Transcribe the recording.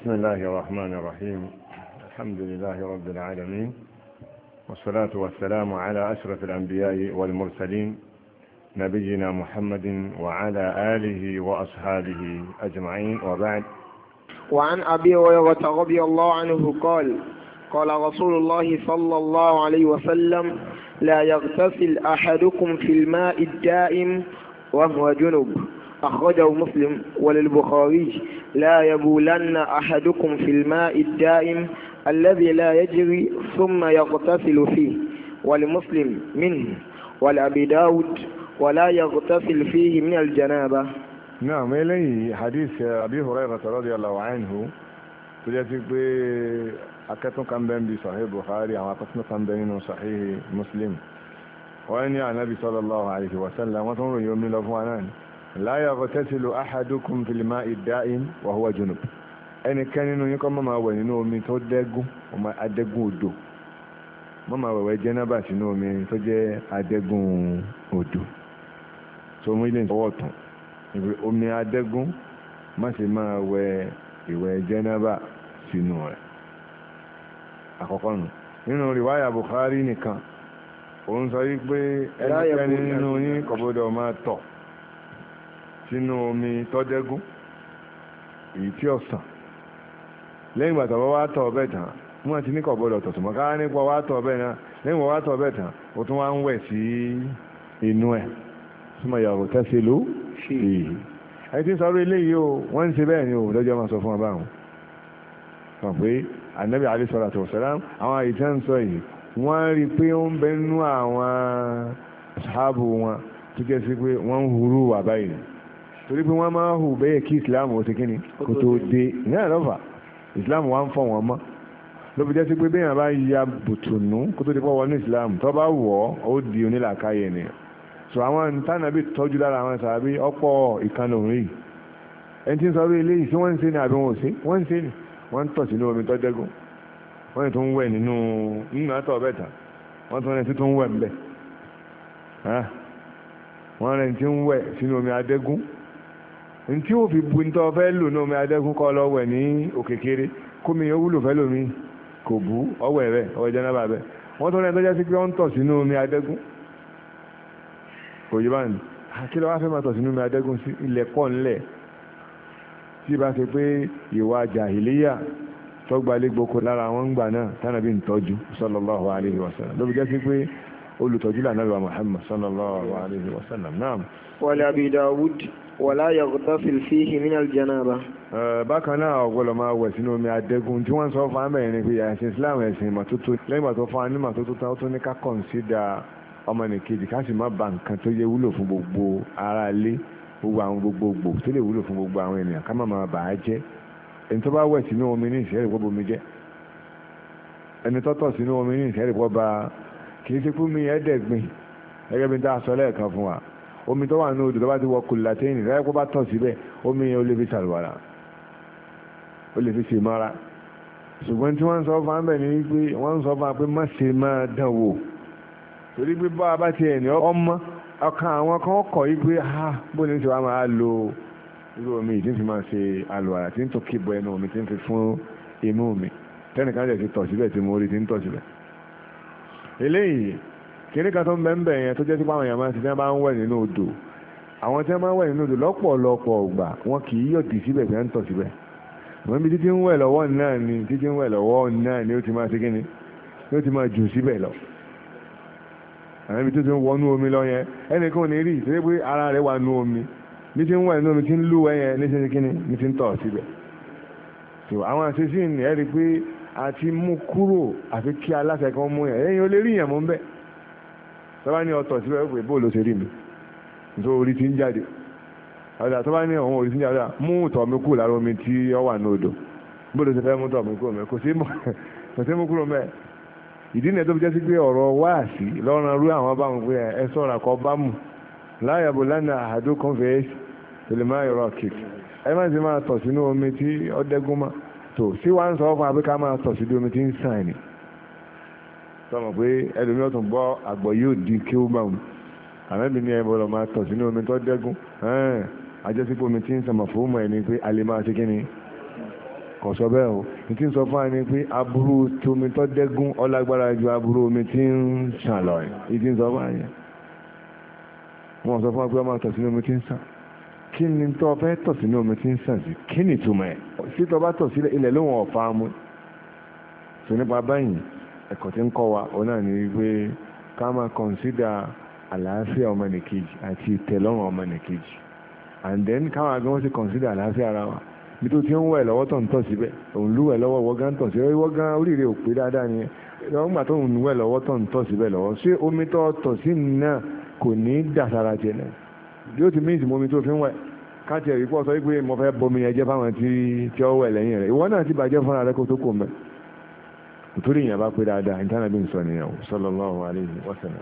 بسم الله الرحمن الرحيم الحمد لله رب العالمين والصلاة والسلام على أشرف الأنبياء والمرسلين نبينا محمد وعلى آله وأصحابه أجمعين وبعد وعن أبي هريرة رضي الله عنه قال قال رسول الله صلى الله عليه وسلم لا يغتسل أحدكم في الماء الدائم وهو جنب أخرجه مسلم وللبخاري لا يبولن أحدكم في الماء الدائم الذي لا يجري ثم يغتسل فيه ولمسلم منه ولأبي داود ولا يغتسل فيه من الجنابة نعم إليه حديث أبي هريرة رضي الله عنه تجد akẹ́tún kan bẹ́ẹ̀ bí sahih bukhari àwọn akẹ́tún kan bẹ́ẹ̀ nínú sahih muslim wọ́n ní ànábì sallallahu alaihi wasallam wọ́n tún ròyìn omi lọ fún wa náà la yaghtasilu ahadukum fil ma'i da'im wa huwa junub ẹnikẹ́ nínú yín kọ́ wẹ̀ nínú omi tó dẹ́gùn ọmọ adẹ́gùn odò mọ́ máa wẹ̀wẹ̀ jẹ́nàbà sínú omi tó jẹ́ adẹ́gùn odò tó mú ilé tán omi adẹ́gùn má sì máa wẹ ìwẹ̀ sínú rẹ̀ àkọ́kọ́ nù nínú rìwáyà nìkan òun sọ wípé nínú yín máa tọ̀ sínú omi tọ́dẹ́gún èyí tí ọ̀sán lẹ́yìn ìgbà tọ́wọ́ wá tọ̀ ọbẹ̀ tán wọ́n ti ní kọ̀ gbọ́dọ̀ tọ̀tù mọ́ káwá nípa wá tọ̀ ọbẹ̀ náà lẹ́yìn wọ́n wá tọ̀ ọbẹ̀ tán ó tún wá ń wẹ̀ sí inú ẹ̀ súnmọ́ ìyàwó tẹ́sí ló ṣe èyí ẹni tí ń eléyìí o wọ́n ń ṣe bẹ́ẹ̀ ni o lọ́jọ́ máa sọ fún ọba àwọn kan pé anabi ali sọ̀rọ̀ àti ọ̀sẹ̀lá àwọn àyíká ń sọ yìí wọ́n rí i pé ó ń bẹ nínú àwọn sáàbù wọn tó jẹ́ sí pé wọ́n ń hurú wà báyìí torí pé wọ́n máa hù bẹ́ẹ̀ kí islam ó ti kíni kó tó dé náà lọ́fà islam wá ń fọ̀ wọ́n mọ́ ló fi jẹ́ sí pé bẹ́ẹ̀ bá ya bùtùnú kó tó di pọ̀ wọnú islam tó bá wọ̀ ó di onílàkàyè nìyẹn so àwọn ntànàbí tọ́jú lára àwọn sàbí ọ̀pọ̀ ìkànnì òun yìí ẹni tí ń sọ bí eléyìí sí wọ́n ń ṣe ni àbí wọn ò ṣe wọ́n ń ṣe ni wọ́n ń tọ̀ sínú omi tọ́jẹ́gùn wọ́n sì tún ń wẹ̀ nínú nínú àtọ̀ bẹ́ẹ̀ tán wọ́n tún rẹ̀ sí tún wẹ̀ ń bẹ̀ wọ́n rẹ̀ ti ń wẹ̀ sínú omi adẹ́gún ntí wò fi bu ntọ́ fẹ́ lò náà omi adẹ́kùn kọ́ lọ wẹ̀ ní òkè kéré kómi ó wúlò fẹ́ lómi kò bú ọwọ́ ẹ̀ bẹ́ẹ̀ ọwọ́ ìjẹ́ náà bẹ́ẹ̀ wọ́n tó rẹ̀ tọ́já sí pé wọ́n ń tọ̀ sínú omi adẹ́kùn kò yí báyìí wá fẹ́ máa tọ̀ sínú omi adẹ́kùn sí ilẹ̀ pọ̀ ńlẹ̀ tí bá ṣe pé ìwà jàhìlíyà tọ́gbalé gboko lára wọn gbà náà tánàbí ntọ́jú sallallahu alaihi wasallam ló fi jẹ́ sí pé olùtọ́jú lànà Muhammad sallallahu alaihi wasallam náà. wàlẹ́ Dawud wàlá yaghtasil fihi min aljanaba. bákan náà ọ̀gbọ́dọ̀ máa wẹ̀ sínú omi àdẹ́gùn tí wọ́n sọ fún amẹ́rin ni pé ẹ̀sìn Islam ẹ̀sìn ìmọ̀tótó lẹ́yìn ìgbà ni fún anímọ̀ ìmọ̀tótó tán ó tún ní ká kọ̀ǹsídà ọmọnìkejì ká sì má ba nǹkan tó yẹ wúlò fún gbogbo ara ilé gbogbo àwọn gbogbogbò tó lè wúlò fún gbogbo àwọn ènìyàn ká má máa bà á jẹ́ ẹni tó bá wẹ̀ sínú omi ní ìṣẹ́ ìrìpọ́ bomi jẹ́ ẹni tọ́tọ̀ sínú omi ní ìṣẹ́ ìrìpọ́ ba kì í ṣe fún mi ẹ̀ẹ́dẹ̀gbin gẹ́gẹ́ bí n tá sọ lẹ́ẹ̀kan fún wa omi tó wà ní odò tó bá ti wọ kùlàtẹ́yìn láyé kó bá tọ̀ síbẹ̀ omi yẹn ó lè fi ṣàlùwàlà ó lè fi ṣe mọ́ra ṣùgbọ́n tí wọ́n sọ fún abẹ́ ni wípé wọ́n sọ fún wa pé má ṣe máa dán wò torí pé bá a bá ti ẹ̀yìn ọmọ ọkàn àwọn kan kọ̀ yí pé ha bó ni ṣe wàá máa lo irú omi yìí tí n fi máa ṣe àlùwàlà tí n tó kébọ ẹnu mi tí n fi fún imú mi tẹ́nìkan jẹ́ ti tọ̀ síbẹ̀ tí mo rí ti ń tọ̀ síbẹ̀ eléyìí kìnní kan tó ń bẹ́ẹ̀ bẹ́ẹ̀ yẹn tó jẹ́ sípò àwọn èèyàn máa ń ṣe tí wọ́n bá ń wẹ̀ nínú odò àwọn tí wọ́n máa ń wẹ̀ nínú odò lọ́pọ̀lọpọ̀ ọgbà wọn kì í yọ̀dì síbẹ̀ tí wọ́n ń tọ̀ síbẹ̀ wọ́n bí títí ń wẹ̀ lọ́wọ́ náà ni títí ń wẹ̀ lọ́wọ́ náà ni ó ti máa ṣe kíni ó ti máa jù síbẹ̀ lọ àwọn ibi tó ti ń wọnú omi lọ yẹn ẹnìkan ò ní rí ìṣeré pé ara rẹ̀ wà nú omi bí ti ń wẹ̀ nú omi ti ń lúwẹ̀ yẹn ní ṣe kíni ní ti ń tọ̀ síbẹ̀ so àwọn àṣeṣin ẹ̀rí pé àti mú kúrò àfi kí aláṣẹ kan mú yẹn ẹ̀yìn ó lè rí ìyẹn bẹ́ẹ̀ tọ́ba ní ọtọ síbẹ̀ pé bóòlù ṣe rí mi nítorí orí ti ń jáde ọ̀dà tọ́ba ní ọ̀hún orí ti ń jáde mú tọ̀ mi kú lára omi tí ọ wà ní odò bóòlù ṣe fẹ́ mú tọ̀ mi kú mi kò sí mú kúrò mẹ́ ìdí nìyẹn tó fi jẹ́ sí pé ọ̀rọ̀ wáàsí lọ́rùn rú àwọn bá wọn pé ẹ sọ̀rọ̀ àkọ́ bá mù láyà bò lánàá àdó kọ́ńfẹ̀ẹ́ tòlẹ́mọ́ ìrọ̀ kìkì ẹ má ti máa tọ̀ sínú omi tí ọ̀dẹ́gúnmá tó sí wá ń sọ fún abẹ́ká máa tọ̀ sí omi tí ń sàn ni. sọmọ pé ẹlòmí ọ̀tún gbọ́ àgbọ̀ yóò di kí ó bá wọn àmẹ́bí ni ẹbọ lọ máa tọ̀ sínú omi tó dẹ́gùn ajẹ́sípò omi tí ń sàmà fún mọ̀ ẹni pé a lè máa ṣe kíni kò sọ bẹ́ẹ̀ o ní tí ń sọ fún ẹni pé aburú omi tó dẹ́gùn ọlágbára ju aburú omi tí ń sàn lọ ẹ̀ ní tí ń sọ fún ẹni wọ́n sọ fún ẹgbẹ́ máa tọ̀ sínú omi tí ń sàn kí ni tó fẹ́ tọ̀ sínú omi tí ń sàn sí kí ni ìtumọ̀ ẹ̀ sí tó bá tọ̀ sílẹ̀ ilẹ̀ lóhùn ọ̀fà mu sọ nípa báyìí ẹ̀kọ́ tí ń kọ́ wa òun náà ní wípé ká máa kọ̀nsídà àlàáfíà ọmọnìkejì àti ìtẹ̀lọ́rùn ọmọnìkejì and then káwọn agbọ́n sì kọ̀nsídà àlàáfíà ara wa bí tó ti ń wẹ̀ lọ́wọ́ tó ń tọ̀ síbẹ̀ òun lúwẹ̀ lọ́wọ́ wọ́n gan tọ̀ síbẹ̀ wọ́n gan oríire ò pé dáadáa ni wọ́n gbà tó ń wẹ̀ lọ́wọ́ tó ń tọ̀ síbẹ̀ lọ́wọ́ ṣé omi tó tọ̀ sí náà kò ní dàsára tiẹ̀ náà yóò ti míìsì mọ́mi tó fi ń wẹ̀ káàtì ẹ̀rí pọ̀ sọ wípé mo fẹ́ bomi ẹ̀jẹ̀ fáwọn tí ó wẹ̀ lẹ́yìn rẹ̀ ìwọ náà ti bàjẹ́ fúnra rẹ kó tó kò mẹ́ torí ìyẹn bá pé dáadáa ìtànàbí ń sọ nìyẹn sallallahu alaihi wasallam